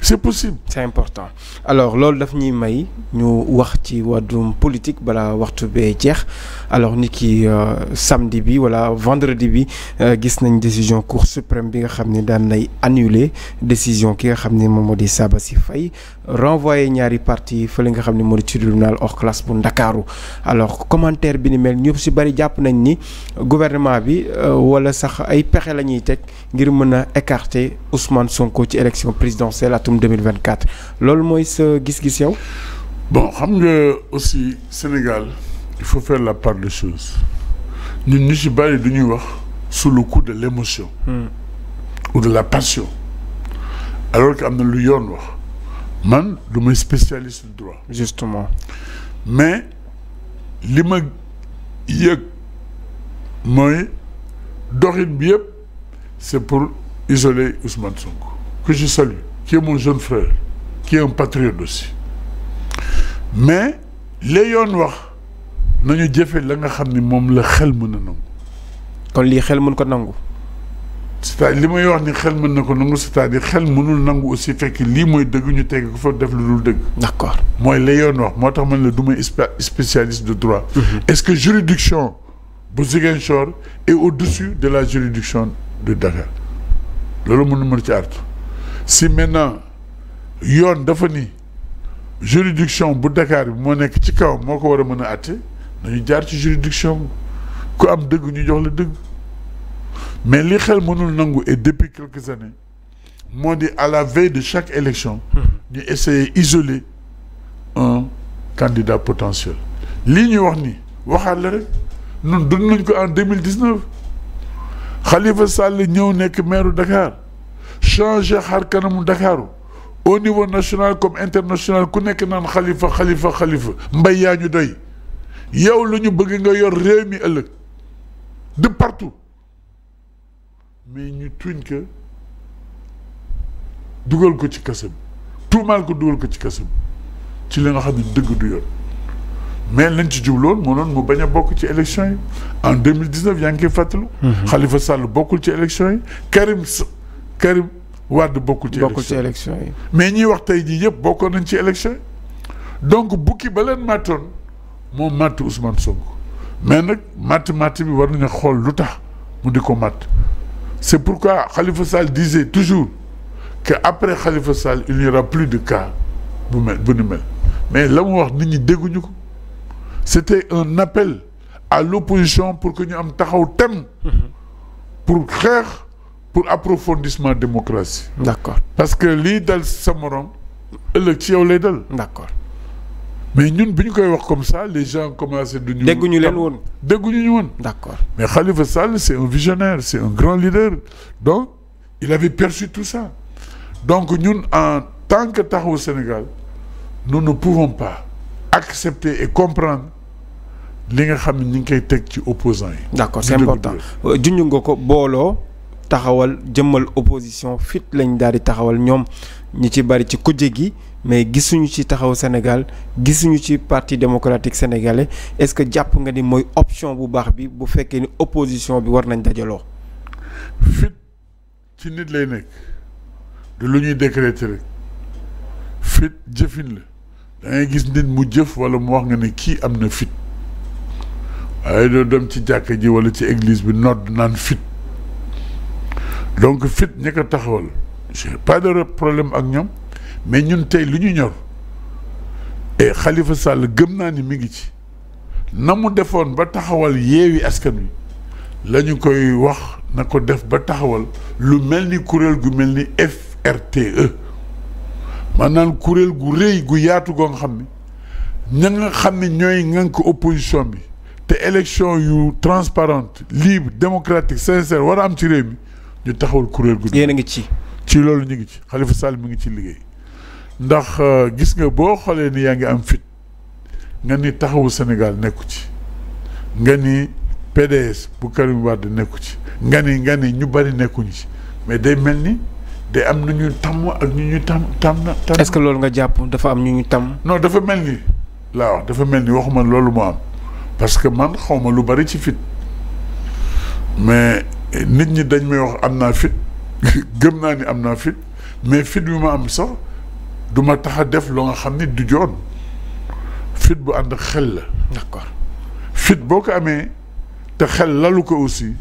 c'est possible c'est important alors loolu dafa ñuy may ñu wax ci wàllum politique balaa waxtu bee jeex alors nit ki euh, samedi bi wala vendredi bi euh, gis nañ décision cour suprême bi nga xam ni daan nay annuler décision ki nga xam ne moom moo di si fay renvoyé ñaari parti fële nga xam ne moo di tribunal hors classe bu Ndakaaru alors commentaire bi ni mel ñëpp si bëri jàpp nañ ni gouvernement bi euh, wala sax ay pexe la ñuy teg ngir mën a écarter Ousmane Sonko ci élection présidentielle atum 2024 loolu mooy sa gis-gis yow. bon xam nga aussi Sénégal il faut faire la part de choses ñun ñu ci bari du ñuy wax sous le coup de l'émotion mm. ou de la passion alors que am na lu yoon wax man du may spécialiste du droit. justement mais li ma yëg mooy doxin bi yëpp c'est pour isoler Ousmane Sonko que je salue qui est mon jeune frère qui est un aussi mais les yoon wax nañu jëfe la nga xam ni moom la xel mën na nangu. kon lii xel mën ko nangu. cest li may wax ni xel mën na ko nangu cest à xel mënul nangu aussi fekk lii mooy dëgg ñu teg ko fa def lu dul dëgg. d'accord mooy la wax moo tax man la du may spécialiste de droit. Mhm. est-ce que juridiction bu Ziguinchor est au-dessus de la juridiction de Dakar loolu mënu mën ci artu si maintenant yoon dafa ni juridiction bu Dakar bi moo nekk ci kaw moo ko war a mën a àtte nañu jaar ci juridiction ku am dëgg ñu jox la dëgg mais li xel mënul nangu et depuis quelques années moo di à la veille de chaque élection hmm. ñu essayer isoler un candidat potentiel lii ñuy wax ni waxaat la rek ñun dund nañ ko en deux mille dix-neuf Khalifa ñëw nekk maire Dakar changer xar kanamu Ndakaaru au niveau national comme international ku nekk naan xalifa xalifa xalifa mbay yaa ñu doy yow lu ñu bëgg nga yor réew mi ëllëg de partout mais ñu tuñ ko dugal ko ci kasam tuumaal ko dugal ko ci kasam ci li nga xam ne dëgg du yoon mais lañ ci jubloon moo noon mu bañ a bokk ci élection yi en 2019 yaa ngi koy fàttalu xalifa mhm. bokkul ci élection yi Karim Karim Wade bokkul ci. bokkul ci élection yi mais ñiy wax tey jii yëpp bokkoon nañ ci élection donc bukki ba leen màttoon moom màtt Ousmane Sonko mais nag màtt màtt bi war nañu xool lu tax mu di ko màtt c'est pourquoi Khalifa Sall disait toujours que après Khalifa Sall il n'y aura plus de cas bu mel bu ni mel mais la mu wax nit ñi dégguñu ko c'était un appel à l'opposition pour que ñu am taxaw tem mhm. pour xeex pour approfondissement démocratie. d'accord parce que lii dal sa morom ëllëg ci yow lay dal. d'accord mais ñun bi ñu koy wax comme ça les gens commencé. duñu dégguñu leen woon dégguñu ñu woon. d'accord mais Khalifa Sall c'est un visionnaire c'est un grand leader donc il avait perçu tout ça donc ñun en tant que Taxawu Sénégal nous ne pouvons pas accepter et comprendre. li nga xam ne ñu ngi koy teg ci opposants yi. d'accord c'est important euh, junj nga ko booloo. taxawal jëmmal opposition fit lañ daal di taxawal ñoom ñi ci bari ci kujje gi mais gisuñu ci taxaw Sénégal gisuñu ci parti démocratique sénégalais est-ce que jàpp nga ni mooy option bu baax bi bu fekkee ni opposition bi war nañ dajaloo. fit ci nit lay nekk du lu ñuy décréter rek fit jëfin la da gis nit mu jëf walla mu wax nga ne kii am na fit waaye doo dem ci jàkka ji walla ci eglise bi nodd naan fit. donc fit ñi taxawal j'ai pas de problème ak ñoom mais ñun tey li ñu ñor xalifa Khalifa Sall gëm naa ni mi ngi ci na mu defoon ba taxawal yeewi askan wi lañu koy wax na ko def ba taxawal lu mel ni kuréel gu mel ni FRTE maanaam kuréel gu rëy gu yaatu goo xam ni ña nga xam ni ñooy ŋànk opposition bi te élection yu transparente libre démocratique sincère war a am ci réew mi ñu taxawul kuréel gu. yéen a ngi ci. ci loolu ñu ngi ci xalifa Sall mu ngi ci liggéey ndax euh, gis nga boo xoolee ni yaa ngi am fit nga ni taxawul senegal nekku ci nga ni PDS bu Karim Wade nekku ci nga ni nga ni ñu bari nekkuñu ci mais day mel ni day am nu ñuy tàmm ak ñu ñu tam tam na. est loolu nga jàpp dafa am ñu ñu tam non dafa mel ni laa wax dafa mel ni waxuma loolu moo am parce que man ma lu bari ci fit mais. nit ñi dañ may wax am naa fit gëm naa ni am naa fit mais fit bi ma am so du ma tax a def loo nga xam ni du joon fit bu ànd xel la. d'accord fit boo ko amee te xel lalu ko aussi.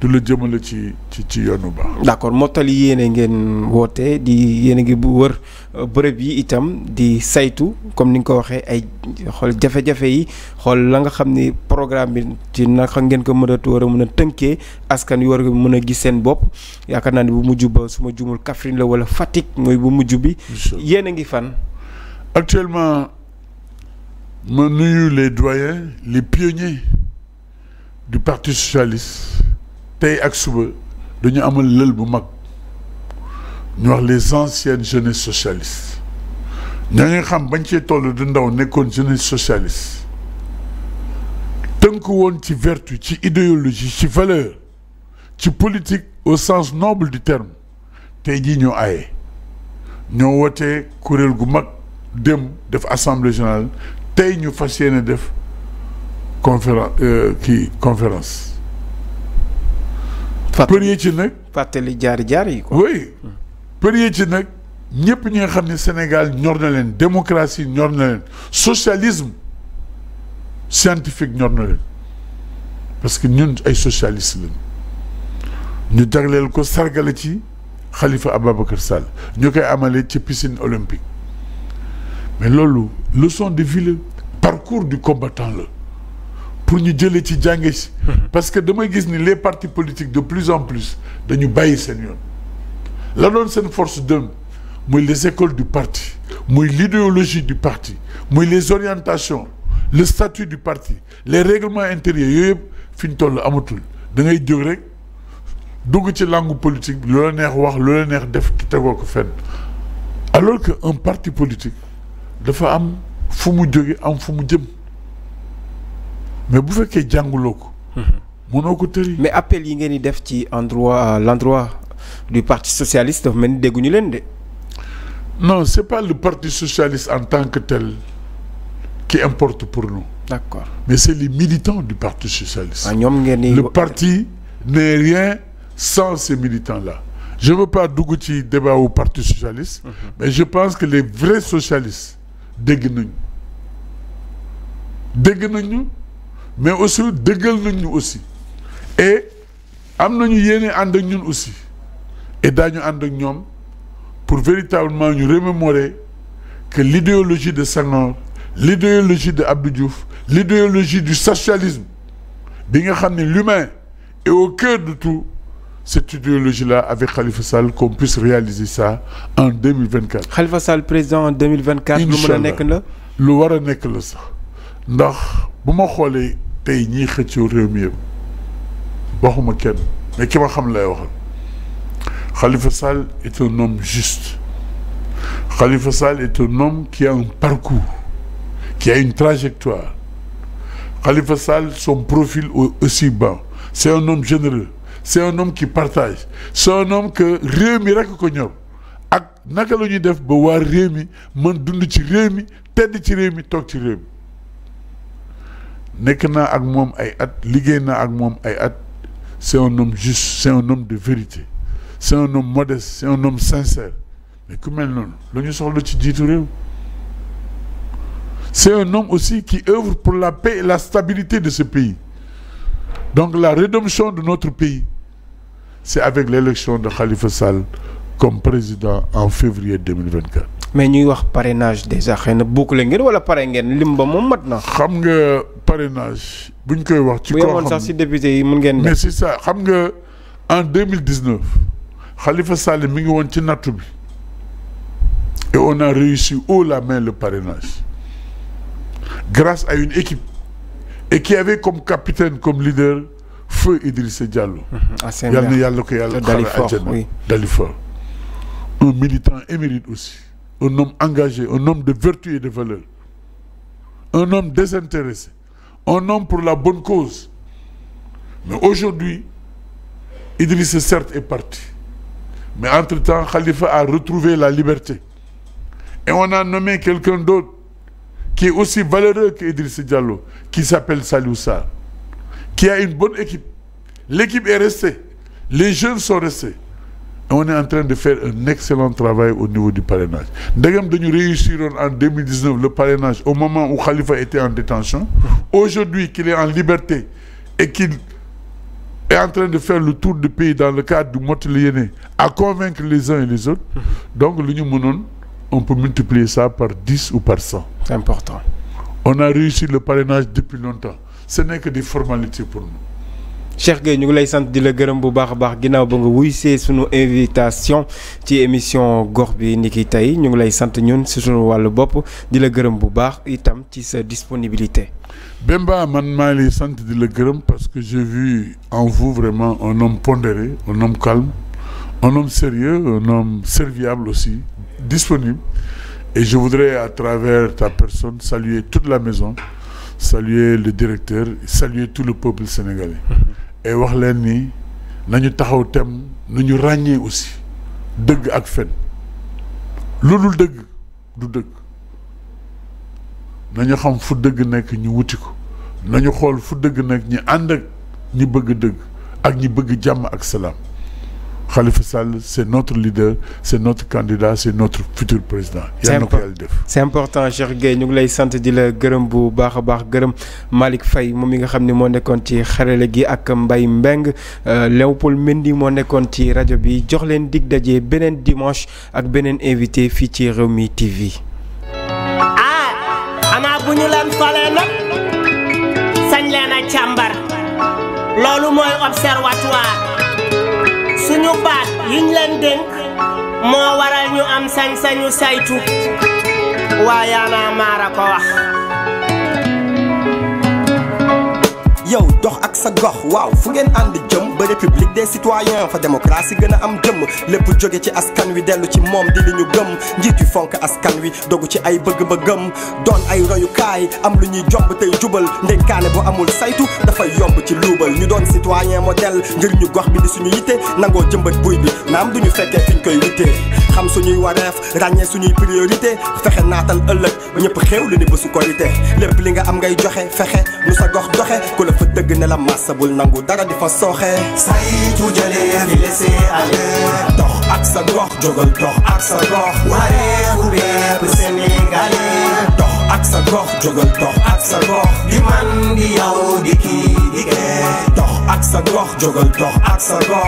du la jëmale ci ci ci yoonu baax. d'accord mottali yéene ngeen woote di yéene ngi bu wër euh, bërëb yi itam di saytu comme ni nga ko waxee ay xool jafe-jafe yi xool la nga xam ni programme bi ci naka ngeen ko mën war a mën a tënkee askan wi war nga mën a gis seen bopp yaakaar naa ne bu mujj ba su ma jumul Kaffrine la wala Fatick mooy bu mujj bi. yéen a ngi fan. actuellement ma nuyu les doyens les pionniers du parti socialiste. tey ak suba dañu amal lël bu mag ñu wax les anciennes jeunesse socialistes ñoo ngi xam bañ cee toll du ndaw nekkoon jeunesse socialiste tënk woon ci vertu ci idéologie ci valeur ci politique au sens noble du terme tey jii ñoo aaye ñoo wootee kuréel gu mag dem def assemblée générale tey ñu fas yéene def euh, conférence kii premier ci nag. fàttali jaar jaar yi quoi. oui premier ci nag ñëpp ñi nga xam ne Sénégal ñor na leen démocratie ñor na leen socialisme scientifique ñor na leen parce que ñun ay socialiste lañu ñu jagleel ko sargale ci Khalifa Ababacar Sall ñu koy amalee ci piscine olympique mais loolu leçon de ville la parcours du combattant la. pour ñu jëlee ci jànge si hmm. parce que damay gis ni les parti politiques de plus en plus dañu bàyyi seen la doon seen force dem muy les écoles du parti muy l'idéologie du parti muy les orientations le statut du parti les règlements intérieurs yooyu fi ñu toll amatul da ngay jóg rek dugg ci langue politique bi lu la neex wax lu la neex def te tegoo ko fenn alors que un parti politique dafa am fu mu jóge am fu mu jëm mais bu fekkee jànguloo ko. Mhm. mënoo ko tëri. mais appel yi ngeen di def ci endroit l'endroit du parti socialiste dafa mel ni dégguñu leen de. non c'est pas le parti socialiste en tant que tel qui importe pour nous. d'accord mais c'est les militants du parti socialiste. ah ñoom ngeen di. le parti n'est rien sans ces militants là. je veux pas dugg ci débat wu parti socialiste. Mhm. mais je pense que les vrais socialistes dégg nañu. dégg nañu. mais aussi dëggal nañ ñu aussi et am nañu yéene ànd ak ñun aussi et daañu ànd ak ñoom pour véritablement ñu remémorer que l'idéologie de Senghor l'idéologie de Abdou Diouf l'idéologie du socialisme bi nga xam ne l'humain est au cœur de tout cette idéologie-là avec Khalifa Sall qu'on puisse réaliser ça en 2024 Khalifa Sall président en 2024 lu ma a nekk na lu war a nekk la sax ndax bu ma xoolee tey ñiy xëccoo réew mi yëpp waxuma kenn mais ki xam lay waxal Khalifa Sall est un homme juste Khalifa Sall est un homme qui a un parcours qui a une trajectoire Khalifa Sall son profil aussi bas c'est un homme généreux c'est un homme qui partage c'est un homme que réew mi rekk ko ñor ak naka la ñuy def ba waa réew mi mën dund ci réew mi tedd ci réew mi toog ci réew nekk naa ak moom ay at liggéey naa ak moom ay at c'est un homme juste c'est un homme de vérité c'est un homme modeste c'est un homme sincère mais ku mel noonu la ñu soxla ci jiitu réew c'est un homme aussi qui œuvre pour la paix et la stabilité de ce pays donc la rédemption de notre pays c'est avec l'élection de Khalifa sal comme président en février 2024 mais ñuy wax parrainage déjà xëy na boucler ngeen wala pare ngeen lim ba moom mat na. xam nga bu ñu koy wax. ci koo xam bu yemoon sax yi mun ngeen. mais si ça xam nga en deux mille dix neuf Khalifa Sall mi ngi woon ci nattu bi et on a réussi haut la main le parrainage grâce à une équipe et qui avait comme capitaine comme leader feu Idrissa Diallo. yal yàlla ko yàlla. Dalifor xaaral àjjana Dalifor un militant émérite aussi. un homme engagé un homme de vertu et de valeur un homme désintéressé un homme pour la bonne cause mais aujourd'hui Idriss certes est parti mais entre-temps Khalifa a retrouvé la liberté et on a nommé quelqu'un d'autre qui est aussi valeureux que Idriss Diallo qui s'appelle Saliou Sarr qui a une bonne équipe l'équipe est restée les jeunes sont restés on est en train de faire un excellent travail au niveau du parrainage ndegam dañu réussir woon en le parrainage au moment où Khalifa était en détention aujourd'hui qu'il est en liberté et qu'il est en train de faire le tour du pays dans le cadre du Mottali Yéné à convaincre les uns et les autres donc lu ñu mënoon on peut multiplier ça par dix ou par cent c'est important on a réussi le parrainage depuis longtemps ce n'est que des formalités pour nous Cheikh Gueye ñu ngi lay sant di la gërëm bu baax a baax ginnaaw ba nga wuy see suñu invitation ci émission gox bi ni ki tey ñu ngi lay sant ñun si suñu wàllu bopp di la gërëm bu baax itam ci sa disponibilité Bemba man maa ngi lay sant di la gërëm parce que j'ai vu en vous vraiment un homme pondéré un homme calme un homme sérieux un homme serviable aussi disponible et je voudrais à travers ta personne saluer toute la maison saluer le directeur saluer tout le peuple sénégalais et wax leen ni nañu taxaw tem nu ñu ràññee aussi dëgg ak fen lu dul dëgg du dëgg nañu xam fu dëgg nekk ñu wuti ko nañu xool fu dëgg nekk ñi ànd ak ñi bëgg dëgg ak ñi bëgg jàmm ak salaam Khalifa Sall c'est notre leader c'est notre candidat c'est notre futur président. yal na ko yàlla def c'est important Cheikh Gueye ñu ngi lay sant di la gërëm bu baax a baax gërëm Malick Faye moom mi nga xam ne moo nekkoon ci xarale gi ak Mbaye Mbeng euh, Léopold Mendy moo nekkoon ci rajo bi jox leen dig daje beneen dimanche ak beneen invité fii ci Rewmi TV. ah xanaa bu ñu leen falee nag sañ leen a càmbar loolu mooy observatoire. suñu baat yiñ leen dénk moo waral ñu am sañ-sañu saytu waaye ana maara ko wax yow dox ak sa gox waaw fu ngeen ànd jëm ba république des citoyens fa démocratie gën a am jëm lépp jóge ci askan wi dellu ci moom di li ñu gëm njiit yu fonk askan wi dogu ci ay bëgg-bëggam doon ay royukaay am lu ñuy jomb tey jubal ndénkaane bu amul saytu dafay yomb ci luubal ñu doon citoyen modèle ngir ñu gox bi di suñu yitte nangoo jëmbat buy bi naam ñu fekkee fiñ koy wittee xam suñuy wareef ràññee suñuy priorité fexe naatal ëllëg ñëpp xéew li ni lépp li nga am ngay joxe fexe nu sa fa tëgg ne la nangu dara di fa sooxe saytu jëlee fi laissé aller dox ak sa gox jógal dox ak sa gox wareefu bépp sénégalais dox ak sa gox jógal dox ak sa gox di man di yow di kii di ak sa gox jógal dox ak sa gox